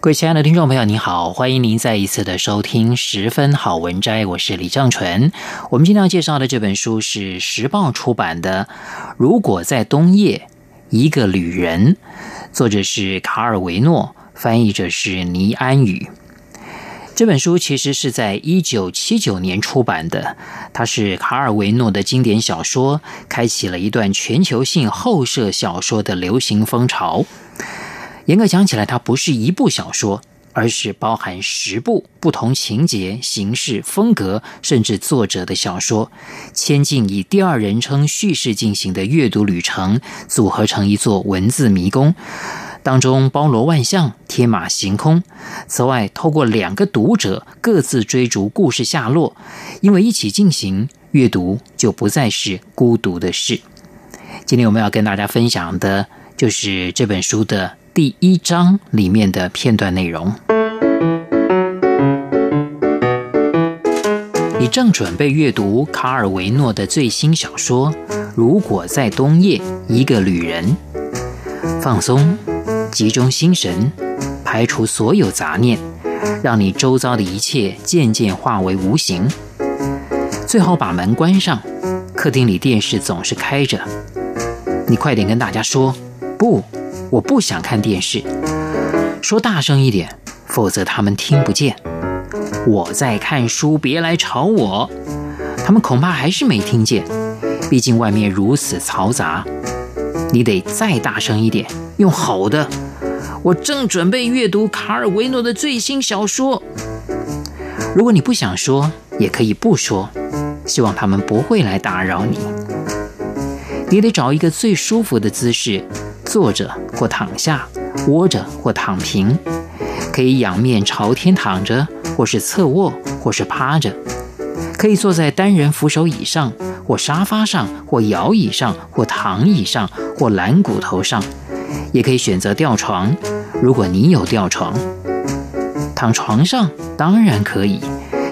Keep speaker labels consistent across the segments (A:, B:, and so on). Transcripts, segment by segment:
A: 各位親愛的聽眾朋友，您好，歡迎您再一次的收聽《十分好文摘》，我是李正淳。我們今天要介紹的這本書是時報出版的《如果在冬夜，一個旅人》，作者是卡爾維諾，翻譯者是倪安宇。這本書其實是在一九七九年出版的，它是卡爾維諾的經典小說，開啟了一段全球性後設小說的流行風潮。嚴格講起來，它不是一部小說，而是包含十部不同情節、形式、風格，甚至作者的小說，千進以第二人稱敘事進行的閱讀旅程，組合成一座文字迷宮，當中包羅萬象，天馬行空。此外，透過兩個讀者各自追逐故事下落，因為一起進行閱讀，就不再是孤獨的事。今天我們要跟大家分享的就是這本書的第一章裡面的片段內容。你正準備閱讀卡爾維諾的最新小說《如果在冬夜，一個旅人》。放鬆，集中心神，排除所有雜念，讓你周遭的一切漸漸化為無形。最好把門關上。客廳裡電視總是開着。你快點跟大家說不。我不想看電視，說大聲一點，否則他們聽不見。我在看書，別來吵我。他們恐怕還是沒聽見，畢竟外面如此嘈雜。你得再大聲一點，用吼的。我正準備閱讀卡爾維諾的最新小說。如果你不想說，也可以不說。希望他們不會來打擾你。你得找一個最舒服的姿勢。坐着或躺下，窩着或躺平，可以仰面朝天躺着，或是側臥，或是趴着，可以坐在單人扶手椅上，或沙發上，或搖椅上，或躺椅上，或懶骨頭上，也可以選擇吊床。如果你有吊床，躺床上當然可以，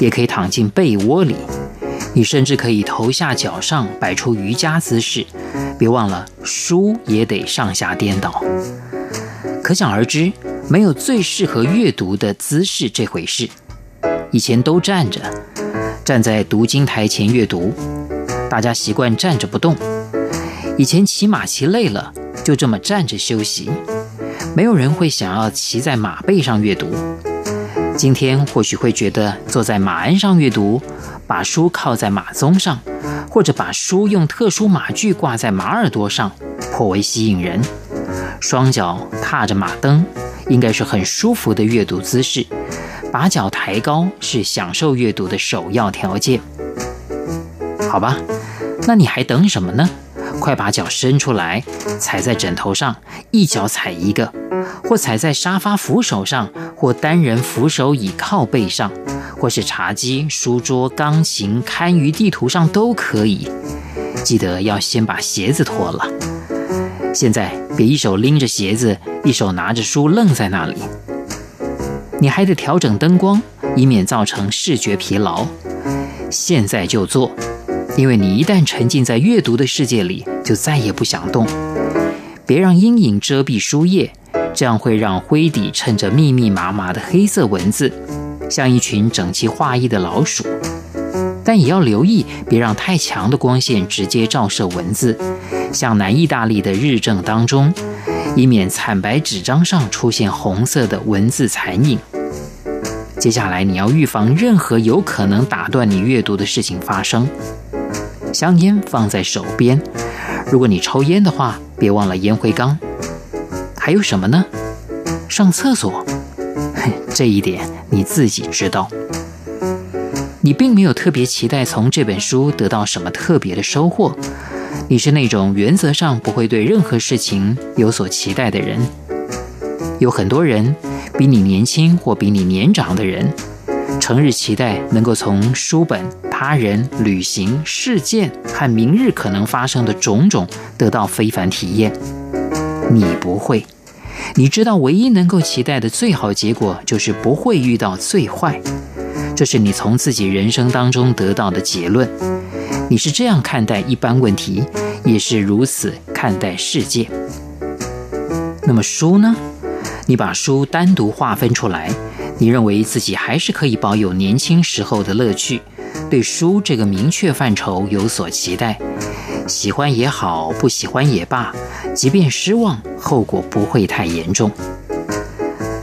A: 也可以躺進被窩裡。你甚至可以頭下腳上擺出瑜伽姿勢。別忘了，書也得上下顛倒。可想而知，沒有最適合閱讀的姿勢這回事。以前都站着，站在讀經臺前閱讀，大家習慣站着不動。以前騎馬騎累了，就這麼站着休息。沒有人會想要騎在馬背上閱讀。今天或許會覺得坐在馬鞍上閱讀，把書靠在馬鬃上。或者把書用特殊馬具掛在馬耳朵上，頗為吸引人。雙腳踏着馬鐙，應該是很舒服的閱讀姿勢。把腳抬高是享受閱讀的首要條件。好吧，那你還等什麼呢？快把腳伸出來，踩在枕頭上，一腳踩一個，或踩在沙發扶手上，或單人扶手椅靠背上。或是茶几、書桌、鋼琴、堪輿地圖上都可以。記得要先把鞋子脫了。現在別一手拎着鞋子，一手拿着書愣在那裡。你還得調整燈光，以免造成視覺疲勞。現在就做，因為你一旦沉浸在閱讀的世界裡，就再也不想動。別讓陰影遮蔽書頁，這樣會讓灰底襯着密密麻麻的黑色文字。像一群整齊劃一的老鼠，但也要留意，別讓太強的光線直接照射文字，像南意大利的日正當中，以免慘白紙張上出現紅色的文字殘影。接下來你要預防任何有可能打斷你閱讀的事情發生。香煙放在手邊，如果你抽煙的話，別忘了煙灰缸。還有什麼呢？上廁所，嘿，這一點。你自己知道，你並沒有特別期待從這本書得到什麼特別的收穫。你是那種原則上不會對任何事情有所期待的人。有很多人，比你年輕或比你年長的人，成日期待能夠從書本、他人、旅行、事件和明日可能發生的種種得到非凡體驗。你不會。你知道，唯一能夠期待的最好結果就是不會遇到最壞。這是你從自己人生當中得到的結論。你是這樣看待一般問題，也是如此看待世界。那麼書呢？你把書單獨劃分出來，你認為自己還是可以保有年輕時候的樂趣，對書這個明確範疇有所期待。喜歡也好，不喜歡也罷，即便失望，後果不會太嚴重。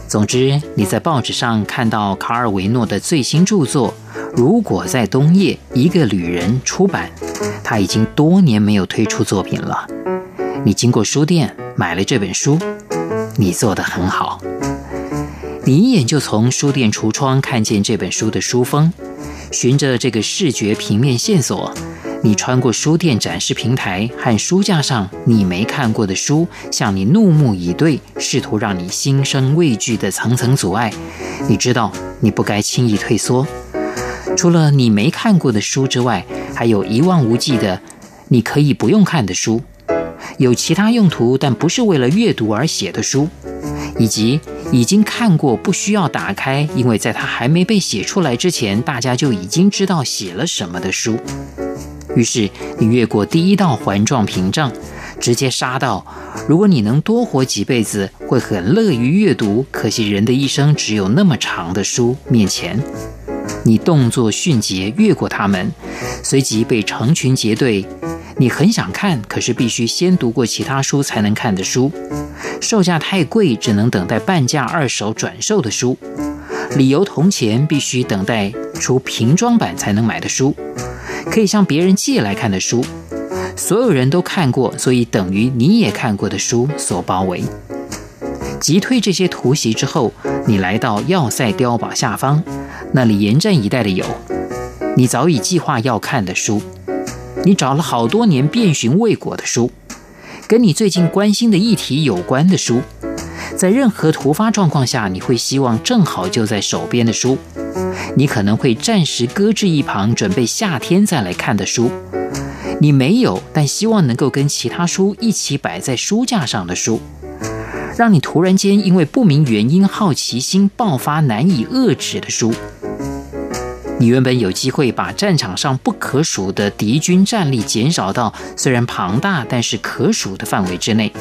A: 總之，你在報紙上看到卡爾維諾的最新著作《如果在冬夜一個旅人》出版，他已經多年沒有推出作品了。你經過書店買了這本書，你做得很好。你一眼就從書店櫥窗看見這本書的書封，循着這個視覺平面線索。你穿過書店展示平台和書架上你沒看過的書，向你怒目以對，試圖讓你心生畏懼的層層阻礙。你知道你不該輕易退縮。除了你沒看過的書之外，還有一望無際的你可以不用看的書，有其他用途但不是為了閱讀而寫的書，以及已經看過不需要打開，因為在它還沒被寫出來之前，大家就已經知道寫了什麼的書。於是你越過第一道環狀屏障，直接殺到。如果你能多活幾輩子，會很樂於閱讀。可惜人的一生只有那麼長的書面前，你動作迅捷越過他們，隨即被成群結隊。你很想看，可是必須先讀過其他書才能看的書，售價太貴，只能等待半價二手轉售的書。理由同前必須等待出平裝版才能買的書。可以向別人借來看的書，所有人都看過，所以等於你也看過的書所包圍。擊退這些突襲之後，你來到要塞碉堡下方，那裡嚴陣以待的有你早已計劃要看的書，你找了好多年遍尋未果的書，跟你最近關心的議題有關的書，在任何突發狀況下，你會希望正好就在手邊的書。你可能會暫時擱置一旁，準備夏天再來看的書；你沒有，但希望能夠跟其他書一起擺在書架上的書；讓你突然間因為不明原因好奇心爆發難以遏制的書。你原本有機會把戰場上不可數的敵軍戰力減少到雖然龐大但是可數的範圍之內。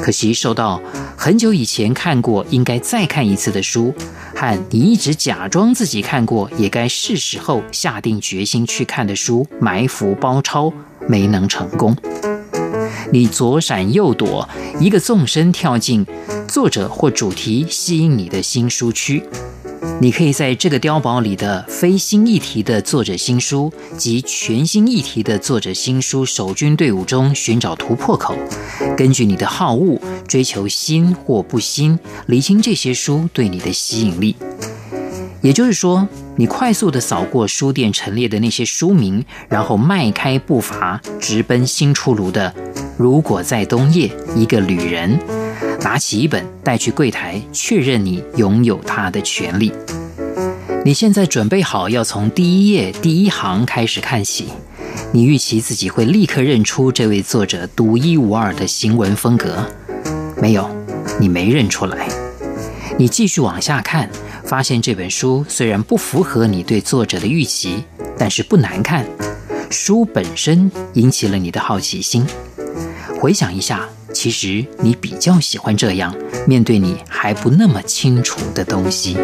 A: 可惜，受到很久以前看過應該再看一次的書，和你一直假裝自己看過也該是時候下定決心去看的書埋伏包抄沒能成功，你左閃右躲，一個縱身跳進作者或主題吸引你的新書區。你可以在這個碉堡裡的非新議題的作者新書及全新議題的作者新書守軍隊伍中尋找突破口，根據你的好惡追求新或不新，釐清這些書對你的吸引力。也就是說，你快速地掃過書店陳列的那些書名，然後邁開步伐直奔新出爐的《如果在冬夜，一個旅人》。拿起一本，帶去櫃檯，確認你擁有它的權利。你現在準備好要從第一頁，第一行開始看起？你預期自己會立刻認出這位作者獨一無二的行文風格？沒有，你沒認出來。你繼續往下看，發現這本書雖然不符合你對作者的預期，但是不難看。書本身引起了你的好奇心。回想一下。其實你比較喜歡這樣面對你還不那麼清楚的東西。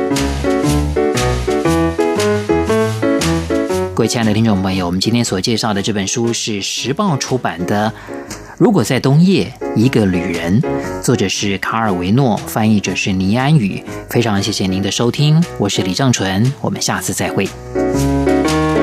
A: 各位親愛的聽眾朋友，我們今天所介紹的這本書是時報出版的《如果在冬夜，一個旅人》，作者是卡爾維諾，翻譯者是倪安宇。非常謝謝您的收聽，我是李正淳，我們下次再會。